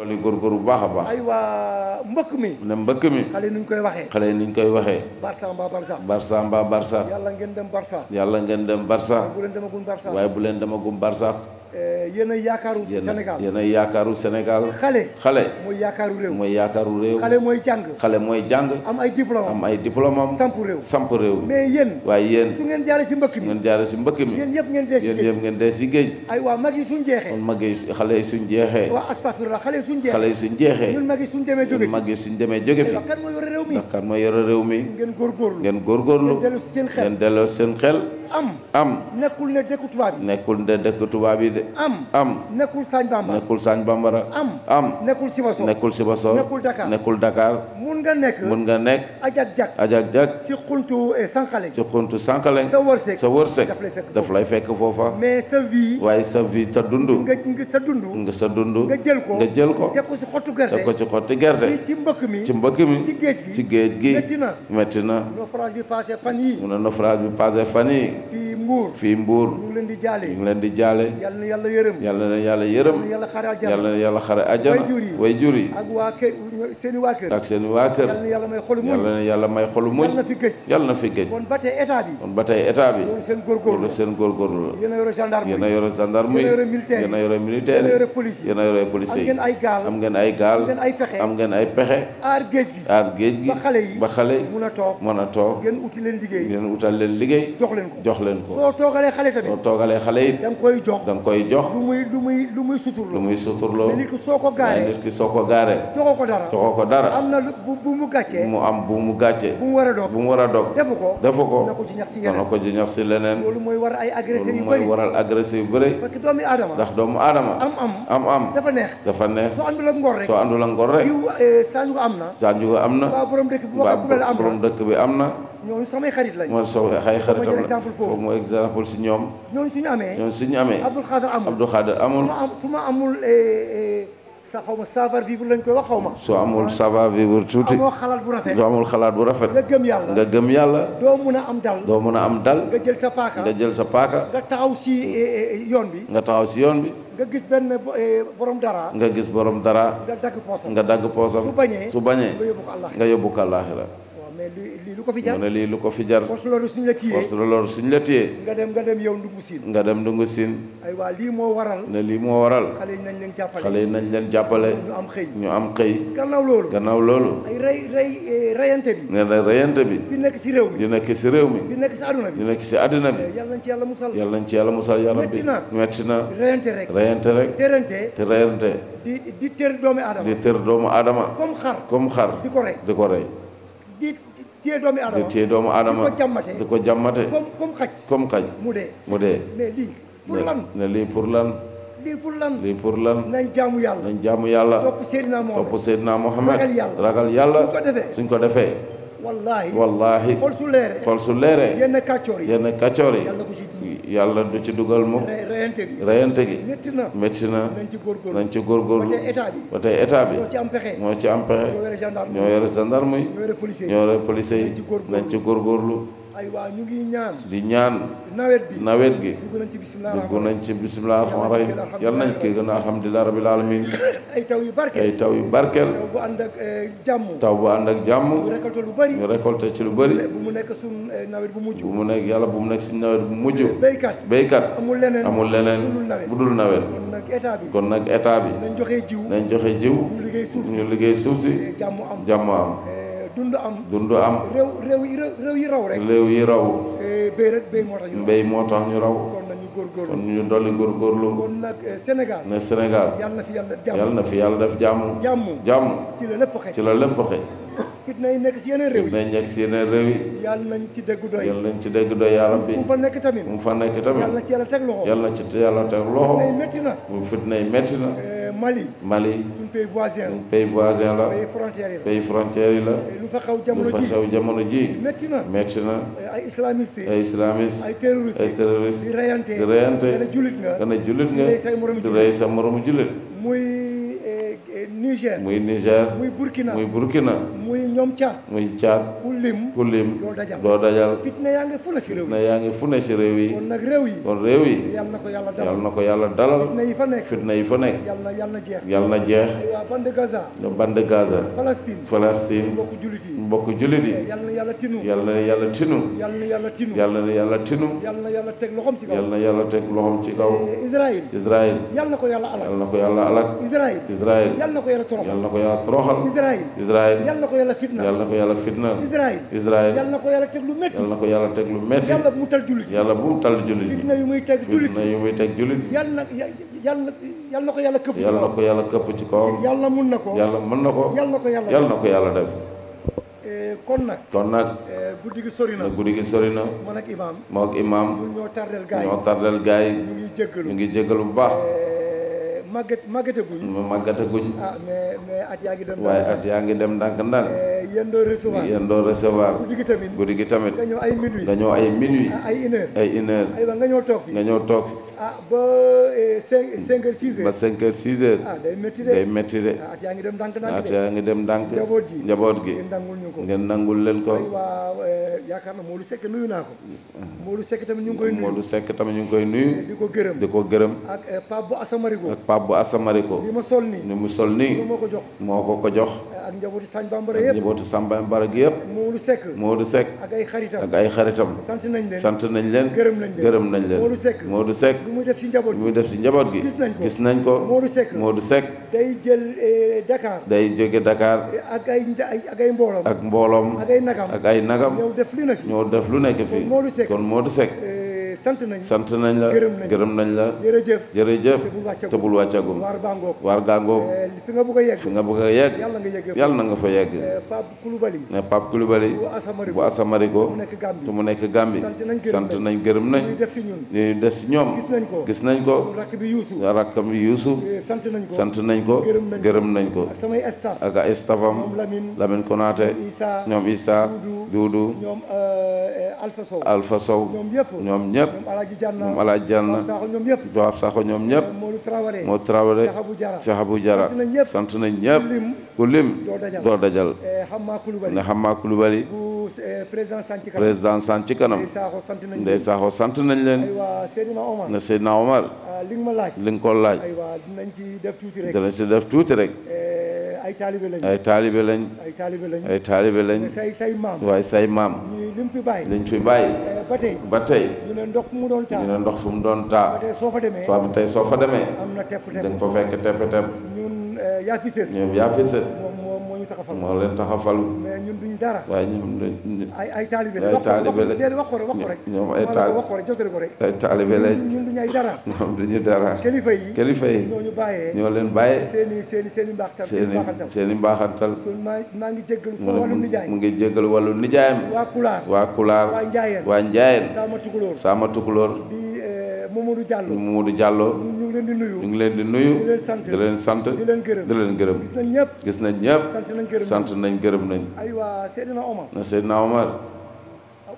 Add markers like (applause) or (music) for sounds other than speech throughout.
dolli góorgóor bu baax a baax. waa mbëkk mi. ne mbëkk mi. xale yi ni ñu koy waxee. xale ni ñu koy waxee. Barça mbaa Barça. Barça mbaa Barça. yàlla ngeen dem Barça. yàlla ngeen dem Barça. waaye bu leen demagum Barça. bu leen demagum Barça. Euh, yéen ay yaakaaru Sénégal yéen ay yaakaaru Sénégal. xale xale. mooy yaakaaru réew mooy yaakaaru réew. xale mooy jàng. xale mooy jàng. am ay diplôme am ay diplôme am. samp réew samp réew. mais yéen. waaye yéen su ngeen jaaree si mbëkk mi ngeen jaaree si mbëkk mi. yéen yëpp ngeen dee si géej yéen yëpp ngeen dee si géej. ay waa mag yi suñ jeexee. kon mag yi xale yi suñ jeexee. waa astafurlah xale yi suñ jeexee. xale yi suñ jeexee. ñun mag yi suñ demee jóge fi ñun mag yi suñ demee jóge fi. ndax kan mooy yore réew mi ngeen góorgóorlu ngeen delloo seen xel am am nekkul ne dëkku tubaab yi nekkul ne dëkku tubaab yi de am am nekkul sañ bambara nekkul sañ bambara am am nekkul Sibassor nekkul Sibassor nekkul Dakar nekkul Dakar mun nga nekk mun nga nekk ajak jak ajak jak ci xuntu eh, sànqaleñ ci xuntu sànqaleñ sa wërsëg sa wërsëg daf lay fekk foofa mais sa vie waaye sa vie ta dund sa dund nga sa dund nga jël ko nga jël ko teg ko ci xottu gerte teg ko ci xottu gerte ci mbëkk mi ci mbëkk mi ci géej gi ci géej na métti na naufrage bi passé fan yi mu ne naufrage bi passé fan yi fii Mbour fii Mbour ñu ngi leen di jaale ñu ngi leen di jaale yal na yàlla yërëm yal na yàlla yërëm yal na yàlla xare àjjana way jur yi ak waa kër seen i waa kër ak seen i waa kër yal na yàlla may xolu muñ yal na yàlla may xolu muñ yal na fi gëj yal na fi gëj kon ba tey état bi kon ba tey état bi loolu seen góorgóorlu loolu seen góorgóorlu la yéen a yore gendarme yéen a yore gendarme yéen a yore militaire yéen a yore police yéen a yore police yi am ngeen ay gaal am ngeen ay gaal am ngeen ay pexe aar géej gi aar géej gi ba xale yi mën a toog mën a toog ngeen uti leen liggéey ngeen utal leen liggéey jox leen ko jox leen ko. soo toogalee xale tamit. soo da nga koy jox da koy jox. lu muy lu muy lu muy suturloo. lu muy suturloo. mais soo ko gaaree nit ko gaaree. joxoo ko ko dara. am na mu gàccee. mu am bu mu gàccee. bu mu war a dog bu mu a ko defu ko. mooy waral ay agressé yu bëri loolu mooy waral agressé yu bëri. parce que doomu aadama. ndax doomu aadama. am am am am. dafa neex dafa neex. soo àndul ngor rek soo àndul eh, am na. Sanjuga am na. waa borom dëkk bi am na ñooñu samay xarit lañ mooy so ay xaritam la exemple foofu mooy exemple si ñoom ñooñu suñu amee ñooñu suñu amee Abdou Khader amul Abdou Khader amul su ma amul eh, eh, sa xaw ma savoir vivre lañ koy wax xaw ma soo amul ah. savoir vivre tuuti amoo xalaat bu rafet amul xalaat bu rafet nga gëm yàlla nga gëm yàlla doo mun a am dal doo mun a am dal nga jël sa paaka nga jël sa paaka nga taxaw si eh, yoon bi nga taxaw si yoon bi nga gis benn boroom dara. nga gis borom dara. nga dagg poosam nga su bañee su nga yóbbu ko àllaaxira. mais lii lu ko fi jar mu ne lii lu ko fi jar poste loolu suñ la téyee poste loolu suñ la téyee nga dem nga dem yow ndungu siin nga dem ndungu siin ay waa lii moo waral ne lii moo waral xale yi nañ leen jàppale xale yi nañ leen jàppale ñu am xëy ñu am xëy gannaaw loolu gannaaw loolu ay rey rey eh, reyante bi ne na reyante bi di nekk si réew mi di nekk si réew mi di nekk si àdduna bi di nekk si àdduna bi eh, yàlla nañ ci yàlla musal yàlla nañ ci yàlla musal yàlla bi metti na reyante rek reyante rek terante te reyante di di tër doomu aadama di tër doomu aadama comme xar comme xar di ko rey di ko rey téye doomu aadama di téye doomu aadama di ko jàmmate comme xaj mu dee mu dee mais pour lan ne lii pour lan lii pour lan lii pour lan nañ jaamu yàlla nañ jaamu yàlla ragal yàlla suñ ko defee wallaahi xool su leeree xool su leeree yenn kàccoor yi yàlla du ci dugal moom rayante gi métti na nañ ci góor ba tey état bi ñoo ci am pexe ñoo yore gendarme yi ñoo yore policier yi nañ ci góor góorgóorlu aywa ñu ngi ñaan di ñaan nawet bi nawet gi dugg nañ ci bisimilah rahmaan yal nañ ko gën a alhamdulilah rabil alamin (coughs) ay taw yu barkeel taw yu barkeel taw bu ànd ak eh, jàmm taw bu ànd ak jàmm ñu récolté ci lu bëri bu mu nekk su eh, nawet bu mujj bu mu nekk yàlla bu mu nekk suñ nawet bu mujj eh, béykat amul leneen amul leneen bu dul nawet kon nag état bi nañ joxe jiw nañ joxe jiw ñu liggéey suuf si jàmm am jàmm am dund am dund am. réew yi raw rek. réew yi raw. Eh, béy rek moo tax ñu. raw. kon nañu góorgóorlu kon ñu dolli góorgóorlu. kon nag eh, Sénégal. ne Sénégal. yàlla na fi yàlla def jàmm na fi yàlla def jàmm. jàmm ci la lépp xëy ci la lépp xëy. fitna yi nekk si yeneen réew yi fitna yi nekk si yeneen réew yi. yàlla nañ ci dégg doy yàlla nañ ci dégg doy yàlla bi mu fa nekk tamit mu fa nekk tamit yàlla ci yàlla teg loxo yàlla ci yàlla teg loxo. fitna yi métti na fitna yi métti na. Eh, Mali Mali. pays voisin la ñun pays voisin la. yi la pays frontière yi eh, lu fa xew jamono ji lu na métti na. Eh, ay islamiste ay islamiste. ay terroriste ay terroriste. di reyante di a jullit nga gën a jullit nga. di rey say moromu jullit Niger. muy Niger. muy Burkina muy Burkina. muy ñoom Tchad. muy Tchad. ku lim ku doo dajal fitna yaa ngi fu ci réew yi. fitna réew yi. kon réew yi. yal na ko yàlla dalal fitna yi fa nekk fitna yi yal na jeex. yal na jeex. waa bande Gaza. bande Gaza. Palestine. Palestine. mbokku yi mbokku jullit yi. yal na yàlla tinu. yal na yàlla tinu. yàlla tinu. yal na yàlla teg loxoom ci kaw. yal na yàlla ci kaw. yal na ko yàlla alak. Israël yal na ko yàlla toroxal yal na ko yàlla toroxal Israël yal na ko yàlla fitna yal na yàlla fitna yal na ko yàlla teg lu métti yal na ko yàlla teg lu métti yal na ko yàlla këpp ci kawam yàlla na mën na ko yal na ko yàlla yal def kon nag kon nag guddi gi sori na ak imaam moom ak imaam ñoo tardel gaay ñoo ngi jéggalu bu baax màggat màggataguñ. màggataguñ. ah mais mais yaa ngi waaye at yaa ngi dem ndànk-ndànk. yéen doo recevoir yéen doo recevoir. guddi gi tamit gi tamit. nga ñëw ay minuit nga ñëw ay minuit. Ah, ay une heure ay une heure. nga ñëw toog fi nga ñëw toog ah ba 5 eh, 5 heures 6 heures. ba 5 heures 6 heures. ah day métti de ah, at yaa ngi dem ndànk ndànk at ngi dem ndànk. njaboot ji njaboot gi ngeen nangul ko ngeen nangul leen ko. waaw eh, yaakaar na Modou Seck nuyu naa ko. Modou tamit ñu ngi koy nuyu Modou Seck tamit ñu ngi koy nuyu. Eh, di ko gërëm di ko gërëm. ak Pape bu Asamariko. ak Pape bu Asamariko. li ma sol nii li mu sol nii. moo ko jox moo ko ko jox. ak njabootu Sañ Bambara yëpp ak njabootu Sañ Bambara gi yëpp. Modou Seck Modou Seck. ak ay ak ay xaritam. sant nañ leen sant nañ leen. gërëm nañ leen gërëm nañ leen Modou Seck bi muy def si njaboot bi muy def si njaboot gi. gis nañ ko gis nañ ko. moo Seck Modou Seck. day jël eh, Dakar. day jóge dakaar ak ay ak ay mbooloom. ak mbooloom. ay nagam ak ay nagam. ñëw def lu nekk. ñëw def lu nekk fii kon Modou Seck. Eh, sant nañ sant nañ la gërëm nañ la jërëjëf jërëjëf te bul wàccagum waar gaangoog eh, fi nga bëgg a yegg yàlla na nga fa yegg eh, Pape Coulibaly ne eh, Pape Coulibaly bu Asamarigo te mu nekk Gambie sant nañ gërëm nañ li ñu def si ñoom gis nañ ko rakkam bi Youssou sant nañ ko gërëm nañ ko ak a stafam Lamine Konaté ñoom Issa Doudou Alpha Sow ñoom ñëpp nag moom alaaj jànn jowaab saxo ñoom ñëpp moo trawaré saxabu jara sant nañ ñëpp ku lim doo dajal nga xam maa kulubali président sant ci kanam ndey saaxo sant nañ leen na Seydina Omar ah, li nga ko laaj danañ si def tuuti rek ay taalibe lañ ay taalibe lañ ay taalibe lañ waaye say maam liñ fi bàyyi eh, ba tey ñu ne ndox fu doon taa soo demee am tey soo fa demee dañ fa fekk tepp tepp ñun eh, yaa fi sës moo leen tax a falu ñun duñ dara waaye ñoom ay ay taalibe ay taalibe la déedéet wax ko rek ko rek ñoom ay taalibe wax ko rek jotali ko rek ay taalibe la ñun duñ ay dara (laughs) ñoom duñu dara kilifa yi ñoo leen bàyyee seeni seeni mbaaxantal maa ngi jéggalu wàllu nijaay mu ngi jéggalu wàllu nijaayam waa kulaar waa kulaar waa njaayeen waa njaayeen sama tukulóor sama tukulóor di eh, Mamadou Diallo leen di nuyu ñu ngi leen di nuyu di leen sant di leen gërëm nañ gërëm nañ aywa Seydina Omar na Seydina Omar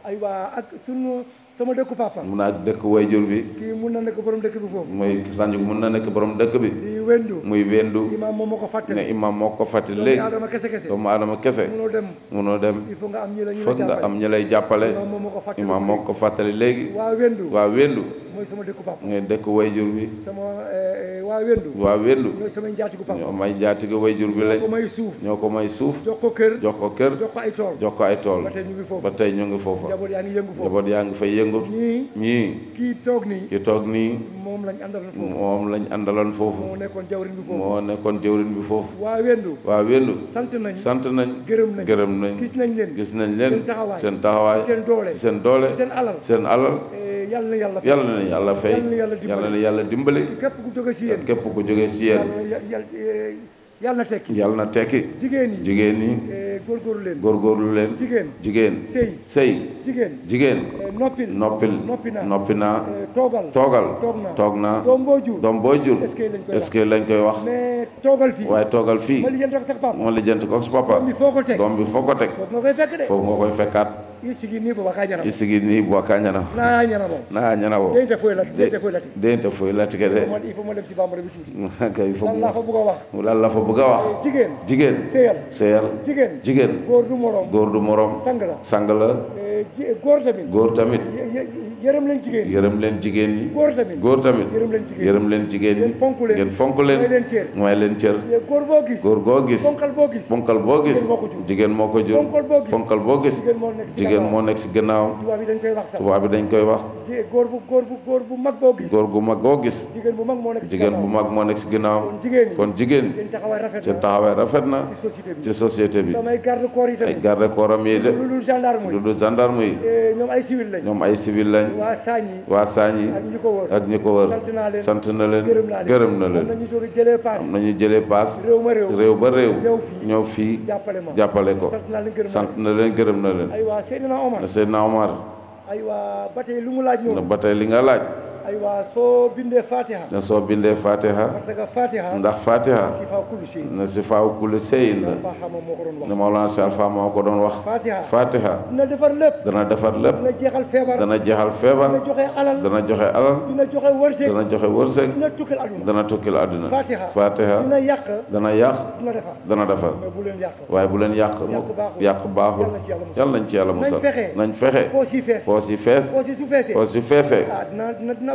aywa ak sunu sama dëkku papa. mun naa dëkk wayjur bi. kii mun na nekk borom dëkk bi foofu. muy Sanju mun na nekk borom dëkk bi. di wendu muy wendu. moom moo ko fàttali ne imaam moo ko fàttali léegi. doomu aadama kese kese doomu aadama kese. munoo dem munoo dem. il faut nga am ñi la ñu lay jàppale foog nga am ñi lay jàppale. imaam ko fàttali léegi. waa waa wendu. sama dëkku papa. mooy dëkk wayjur bi. sama eh, eh, waa wendu. waa wendu. ñooy samay njaatigu papa. ñoo may njaatigu wayjur bi lañ. ñoo ko may suuf. ñoo ko may suuf. jox ko kër jox ko kër. jox ko ay tool jox ko ay tool. ba tey ñu ngi foofu. yëngu. ñii ñii. toog nii. kii toog nii. moom lañ àndaloon foofu. lañ àndaloon foofu. moo nekkoon jawrin bi foofu. moo nekkoon jawrin bi foofu. waa wendu. waa wendu. sant nañ. sant nañ. gërëm nañ gërëm nañ. gis nañ leen. gis nañ leen seen taxawaay seen taxawaay. seen doole seen doole. seen alal seen alal. Eh, yàlla na yàlla fay yàlla na yàlla fay. yàlla na yàlla dimbale. képp ku jóge si yéen képp ku si yéen. yàlla na tekki yàlla na tekki. jigéen ñi jigéen ñi. Eh, góorgóorlu leen jigéen jigéen. sëy jigéen jigéen. Eh, noppil noppil. noppi naa eh, toogal toogal. toog naa doom boo jur doom ce que lañ koy wax toogal waaye toogal fi ma lijjanti ko ak sa papa. doom bi foo ko teg doom bi nga koy fekk de foofu nga koy fekkaat. ñana isigi ni ñana na ñana bo foy la dente foy la foy la de il faut la (laughs) fa bëgg a wax jigéen seyal jigéen góor du morom góor du morom sang la eh, góor tamit góor yërëm leen jigéen yërëm leen jigéen ñi góor tamit leen jigéen ñi ngeen fonk leen mooy leen cër góor boo gis góor boo gis fonkal boo gis jigéen moo ko jur fonkal boo gis jigéen moo nekk ci gannaaw tubaab bi dañ koy wax góor bu góor bu góor bu mag boo gis jigéen bu mag moo nekk si gannaaw kon jigéen seen taxawaay rafet na ci société bi ay garde corps am yi de lu dul gendarme yi eh, ñoom ay civil lañ waa saañ yi ak ñi ko wër sant na leen gërëm na leen am na ñu jëlee paas réew ba réew ñëw fii jàppale ko sant na leen gërëm na leen Seydina Omar na ba li nga laaj soo bindee fatiha ne soo bindee fatiha ndax fatiha na si faaw kuli seyin la ne Mawlana Cheikh Alpha moo ko doon wax fatiha dana defar lépp dana defar lépp dana jeexal feebar dana joxe alal dana joxe alal dana joxe wërsëg dana joxe dana tukkil àdduna dana tukkil fatiha dana yàq dana defar waaye bu leen yàq yàq baaxul yàlla nañ ci yàlla musal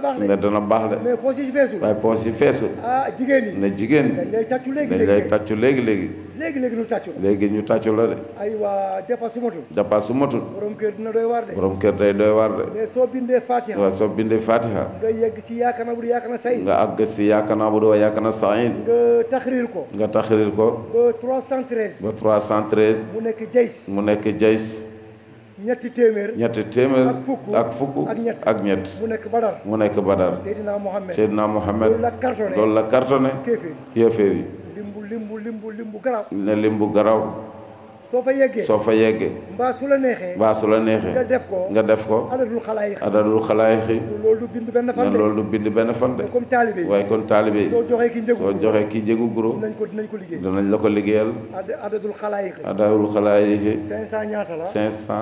dana baax de. dana baax de. mais poos yi feesul. waaye poos yi feesul. Ah, jigéen ñi. na jigéen ñi dañ lay tàccu léegi léegi dañ lay tàccu léegi léegi. léegi léegi ñu tàccu la. léegi ñu tàccu la de. aywa dépasse su matul. dépasse su matul. borom kër dina doy waar de. borom kër day doy waar de. mais soo bindee Fatiha. waaw soo bindee Fatiha. nga yegg si yaakana bu yaakana sayin. nga àgg si yaakana bu yaakana sayin. nga taxrir ko. nga taxrir ko. ba 313. ba 313. mu nekk Jays. mu nekk Jays. ñetti téeméer ñett téeméer ak fukk ak fukk ak ñett ak ñett mu nekk badar mu nekk badar Seydina Mohamed Seydina Mohamed loolu la cartonné loolu la cartonné kéeféer yi limbu limbu limbu limbu garaaw ne limbu garaaw soo fa yeggee soo fa yeggee. mbaa su la neexee mbaa nga def ko nga def ko. adadul xalaayix adadul xalaayix yi. loolu du bind benn loolu du bind benn fan de. comme taalibe yi waaye comme taalibe yi. soo joxee ki njëgu soo guro. dinañ ko dinañ ko liggéey dinañ la ko liggéeyal. adadul xalaayix yi adadul xalaayix yi. 500 ñaata la 500.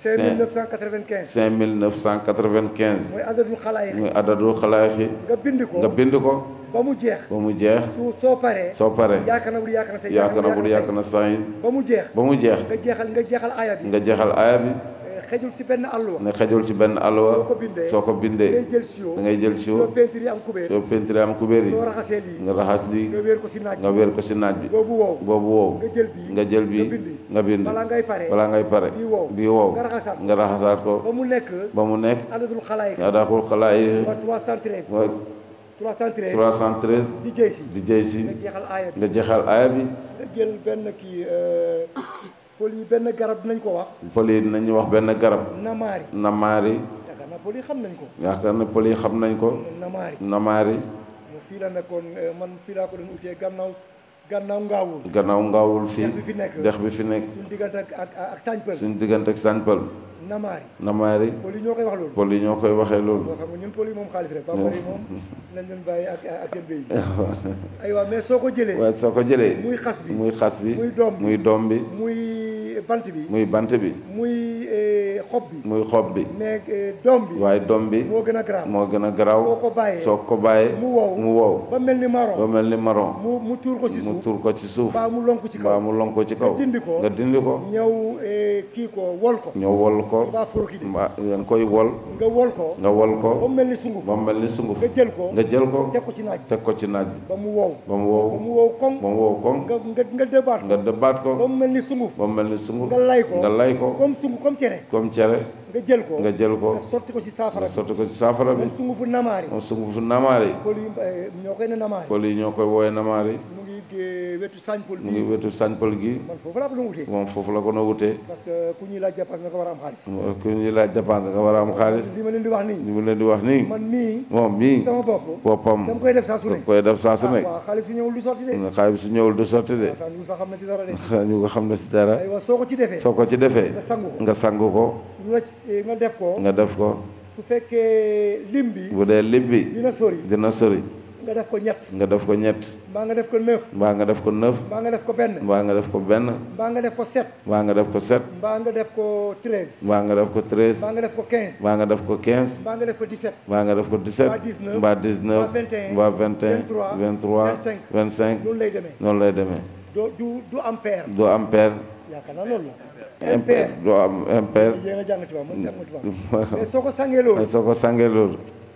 5995 5995. mooy adadul xalaayix yi mooy adadul xalaayix yi. nga bind ko nga bind ko. ba mu jeex mu jeex soo paree soo paree yaakaar na bul yaakaar na yaakaar na ba mu jeex ba mu jeex nga jeexal nga jeexal aaya bi nga jeexal aaya eh, xejul ci benn alluwa ne xejul ci benn alluwa soo ko bindee soo ko ngay jël siwo da soo peinture am kubéer yi soo raxasee nga raxas lii nga wéer ko ci naaj naaj bi boobu woow boobu nga jël bi nga bind balaa ngay pare balaa ngay pare bii woow nga raxasaat ko ba mu nekk ba mu nekk adadul 313 313. di jëy si di jëy si. nga jeexal aaya bi nga jël benn kii euh, pël yi benn garab dinañ ko wax. pël yi dinañ wax benn garab. namaari namaari. yaakaar naa pël yi xam nañ ko. yaakaar naa pël yi xam nañ ko. namaari namaari. fii la nekkoon euh, man fii laa ko doon utee gannaaw gannaaw ngaawul. gannaaw ngaawul fii dex bi fi nekk. suñ diggante ak ak ak sañ pël. suñ diggante pël. namaari namaari pël yi ñoo koy wax loolu pël ñoo koy waxee loolu boo xam nga ñun pël yi moom xaalis rek ba (laughs) leen bàyyi ak ak seen (laughs) mais soo ko jëlee soo ko jëlee muy xas bi muy xas bi doom muy doom bi muy bant bi muy bant bi muy eh, xob muy xob bi mais eh, doom bi waaye doom bi moo gën a garaaw moo gën a garaaw soo ko ko bàyyee mu wow mu wow ba ni marron ba mel ni marron mu mu ko ci suuf ko ci suuf mu lonk ci kaw baa ci kaw nga dindi ko nga dindi ko ñëw eh, kii ko wol ko ñëw wol ko ko waa ngeen koy wol nga wol ko nga wol ko ba mu mel ni sunguf ba mu mel ni sunguf nga jël ko nga jël ko teg ko ci naaj teg ko ci naaj bi ba mu wow ba mu wow ba mu wow koŋ ba mu wow koŋ nga nga ko ba mu mel ni sunguf ba mu mel ni sunguf nga lay ko comme sunguf comme cere nga jël ko nga sotti ko ci saafara bi sungufu namaari moom sungufu eh, namaari pël yi ñoo koy wooye namaari wetu sañpol mu ngi wetu sañpol gi. man la ko doon wutee. moom foofu la ko doon wutee. parce que ku ñuy laaj dépense a am xaalis. ku ñuy laaj dépense nga war a am xaalis. li leen di wax nii. di wax nii. moom mii sama bopp. boppam da koy def saa su koy def saa su nekk. Ah, waaw xaalis su ñëwul du sotti de. xaalis su ñëwul du sotti de. nga xam ne si dara de. (laughs) ñu nga xam si dara. soo ko ci defee. soo ko ci defee. nga nga sangu ko. Eh, nga def ko. nga def ko. su fekkee lim bi. bu dee lim bi. dina sori dina sori. nga def ko ñett. nga def ko ñett. mbaa nga def ko neuf. mbaa nga def ko neuf. mbaa nga def ko benn. mbaa nga def ko benn. mbaa nga def ko sept. mbaa nga def ko sept. nga def ko treize. mbaa nga def ko treize. mbaa nga def ko quinze. nga def ko quinze. mbaa nga def ko dix-sept. mbaa nga def ko dix-sept. mbaa dix neuf. mbaa dix neuf. mbaa vingt et un. vingt trois. vingt cinq. vingt noonu lay demee. noonu lay doo du du ampère. du ampère. yaakaar am impair. yéen a jàng soo ko sàngee loolu. soo ko sàngee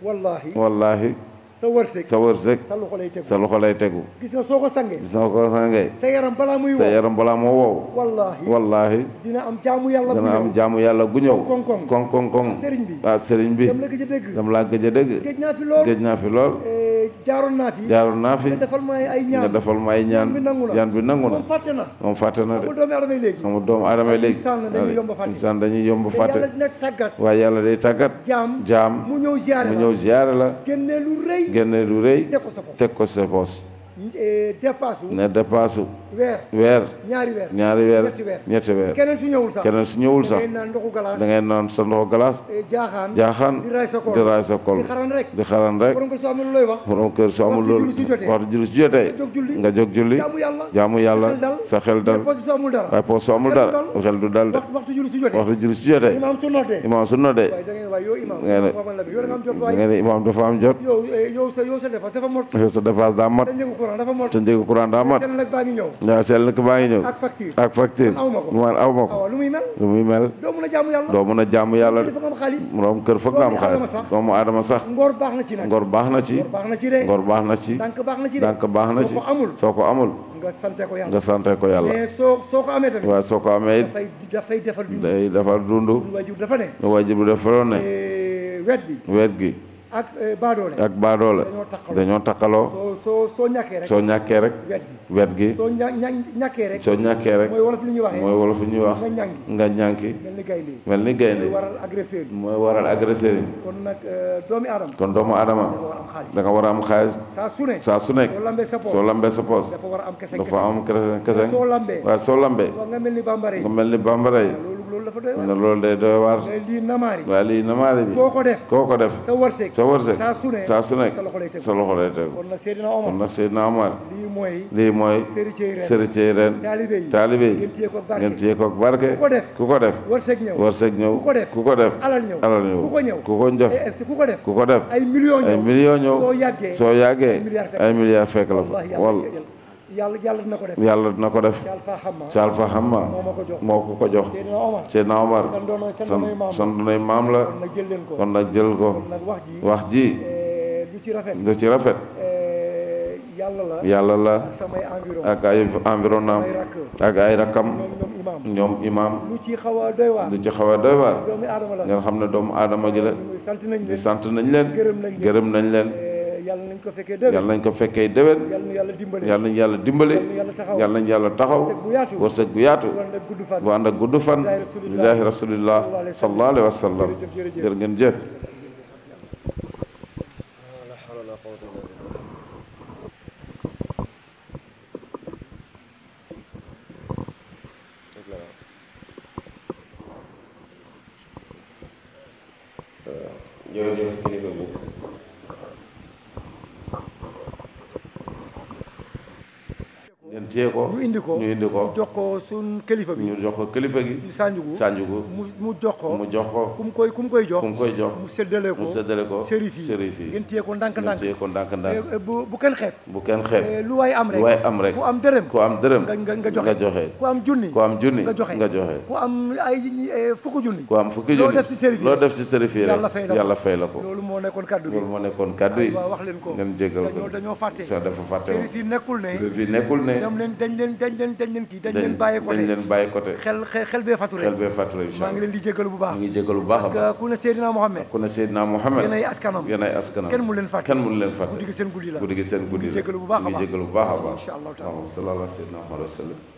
wallaahi. sa wërsëg sa wërsëg lay tegu soo ko sangee gis sa yaram balaa muy wow sa moo wow. wallaahi dina am jaamu yàlla gu ñëw dina am koŋ koŋ koŋ koŋ koŋ. sëriñ bi la gëj naa fi lool géej naa fi lool. Eh, jaaroon naa fi nga defal ma ay ñaan nga bi nangu na moom fàtte na. de amul doomu aadama léegi. insaan dañuy yomb fàtte. waaye yàlla day tàggat. jaam mu ñëw ziare la génne lu rëy teg ko sa poos dépasse ne dépasse weer weer ñaari weer ñaari weer keneen su ñëwul sax keneen naan sa ndoxu glace eh, jaaxaan di raay sa kol di xaran rek borom kër su amul loolu waxtu julli su jotee nga jóg julli jaamu yàlla sa xel dal waaye poos su amul dara xel du dal de waxtu julli su jotee imaam su noddee nga ne imaam dafa am jot eh, sa dépasse daa mat tuddee ko courant daa mat waaw seel nag baa ngi ñëw ak facture man aw ma ko lu muy mel doo mën a yàlla de moom kër foog nga am xaalis doomu aadama sax ngor baax na ci ngor baax na ci dànk baax na ci soo ko amul nga sante ko yàlla nga soo ko amee tamit. waaw soo dafay defar dund. day defar dund. ne. Eh, wet gi. ak eh, baadoola ak baadoola dañoo takkaloo soo soo ñàkkee rek soo ñàkkee rek wet gi soo ñàkkee rek soo rek mooy wolof lu wax eh? mooy wolof lu ñuy wax nga ñànki mel ni gaynde mooy waral agresseur yi kon nag eh, doomu aadama kon doomu war a am xaalis saa su nekk soo lambee sa poos dafa am kese kese waaye soo lambee nga mel ni bambara dafa doy waar ne loolu doy waar. lii namaari waaye lii namaari bi. koo def sa wërsëg sa sa loxo sa loxo tegu. kon nag Seydina Omar lii mooy lii mooy. sëricey ren ngeen téye ko barke. ku ko def ku ko ñëw ku ko def alal ñëw ku ko ñëw. ku ko def ay millions ñëw soo yàggee ay milliar fekk la fa wal yàlla yàlla na ko def yàlla dina ko def caal xam ma moo ko ko jox Seydina Omar san san dunay maam la kon nag jël ko wax ji lu eh, rafet eh, yàlla la ak ay environnement ak ay rakam ñoom imaam lu ci a doy waar ngeen xam ne doomu aadama ji la eh, sant nañ leen gërëm nañ leen yàlla nañ ko fekkee déwén yàlla nañ ko fekkee déwén yàlla nañ yàlla dimbale yàlla nañ yàlla taxaw wërsëg bu yaatu bu ànd ak gudd fan bi zaahi rasulillah sallallahu wa sallam jërë ngeen jëf indi ko ñu indi ko jox ko suñ kilifa bi ñu jox ko kilifa gi sànjugu sànjugu mu mu jox ko mu jox ko ku mu koy ku mu koy jox ku koy jox mu séddale ko mu ko sérif yi sérif yi ngeen téye ko ndànk ndànk téye ko ndànk ndànk eh, eh, bu bu kenn bu kenn xeeb eh, am rek lu waay am rek am dërëm ku am nga nga joxe ku am junni ku am junni nga joxe nga joxe ku am ay fukki junni ku am fukki junni loo def ci sérif yi loo def ci sérif yi rek yàlla fay la ko loolu moo nekkoon kaddu bi loolu moo nekkoon wax leen ko ko dañoo fàtte dafa fàtte sérif yi nekkul ne sérif yi nekkul ne dañ leen dañ leen dañ leen kii dañ leen bàyyi côté dañ leen bàyyi côté xel xel bee fàttu xel bee fàttu incha allah maa ngi leen di jégalu bu baax maa ngi jégalu bu baax parce que ku ne Seydina Mohamed ku ne Seydina Mohamed yéen ay askanam yéen ay askanam kenn mu leen fàtte kenn mu leen fàtte guddi gi seen guddi la guddi gi seen guddi la jégalu bu baax a baax jégalu bu baax a baax incha allah taala sallallahu alayhi wa sallam